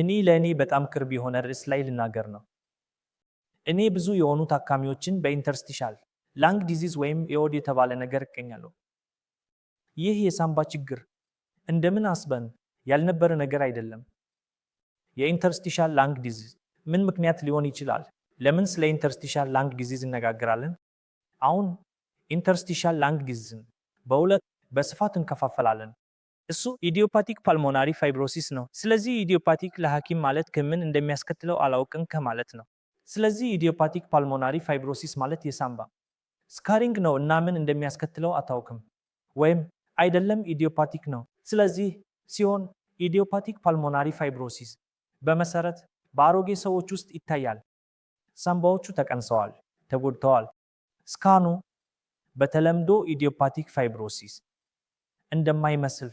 እኔ ለእኔ በጣም ቅርብ የሆነ ርዕስ ላይ ልናገር ነው። እኔ ብዙ የሆኑ ታካሚዎችን በኢንተርስቲሻል ላንግ ዲዚዝ ወይም ኤኦድ የተባለ ነገር እገኛለሁ። ይህ የሳምባ ችግር እንደምን አስበን ያልነበረ ነገር አይደለም። የኢንተርስቲሻል ላንግ ዲዚዝ ምን ምክንያት ሊሆን ይችላል? ለምን ስለ ኢንተርስቲሻል ላንግ ዲዚዝ እነጋገራለን? አሁን ኢንተርስቲሻል ላንግ ዲዚዝን በሁለት በስፋት እንከፋፈላለን። እሱ ኢዲዮፓቲክ ፓልሞናሪ ፋይብሮሲስ ነው። ስለዚህ ኢዲዮፓቲክ ለሐኪም ማለት ከምን እንደሚያስከትለው አላውቅም ከማለት ነው። ስለዚህ ኢዲዮፓቲክ ፓልሞናሪ ፋይብሮሲስ ማለት የሳምባ ስካሪንግ ነው እና ምን እንደሚያስከትለው አታውቅም ወይም አይደለም ኢዲዮፓቲክ ነው። ስለዚህ ሲሆን ኢዲዮፓቲክ ፓልሞናሪ ፋይብሮሲስ በመሰረት በአሮጌ ሰዎች ውስጥ ይታያል። ሳምባዎቹ ተቀንሰዋል፣ ተጎድተዋል። ስካኑ በተለምዶ ኢዲዮፓቲክ ፋይብሮሲስ እንደማይመስል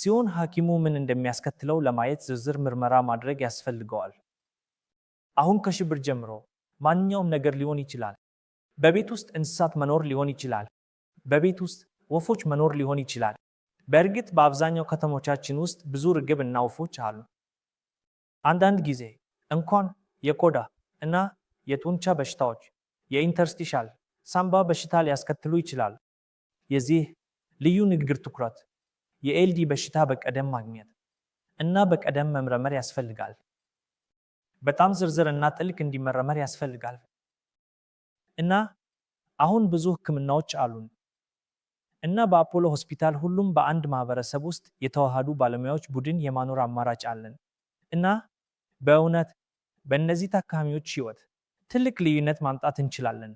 ሲሆን ሐኪሙ ምን እንደሚያስከትለው ለማየት ዝርዝር ምርመራ ማድረግ ያስፈልገዋል። አሁን ከሽብር ጀምሮ ማንኛውም ነገር ሊሆን ይችላል። በቤት ውስጥ እንስሳት መኖር ሊሆን ይችላል። በቤት ውስጥ ወፎች መኖር ሊሆን ይችላል። በእርግጥ በአብዛኛው ከተሞቻችን ውስጥ ብዙ ርግብ እና ወፎች አሉ። አንዳንድ ጊዜ እንኳን የቆዳ እና የጡንቻ በሽታዎች የኢንተርስቲሻል ሳንባ በሽታ ሊያስከትሉ ይችላል። የዚህ ልዩ ንግግር ትኩረት የኤልዲ በሽታ በቀደም ማግኘት እና በቀደም መመርመር ያስፈልጋል። በጣም ዝርዝር እና ጥልቅ እንዲመረመር ያስፈልጋል እና አሁን ብዙ ህክምናዎች አሉን እና በአፖሎ ሆስፒታል ሁሉም በአንድ ማህበረሰብ ውስጥ የተዋሃዱ ባለሙያዎች ቡድን የማኖር አማራጭ አለን እና በእውነት በእነዚህ ታካሚዎች ህይወት ትልቅ ልዩነት ማምጣት እንችላለን።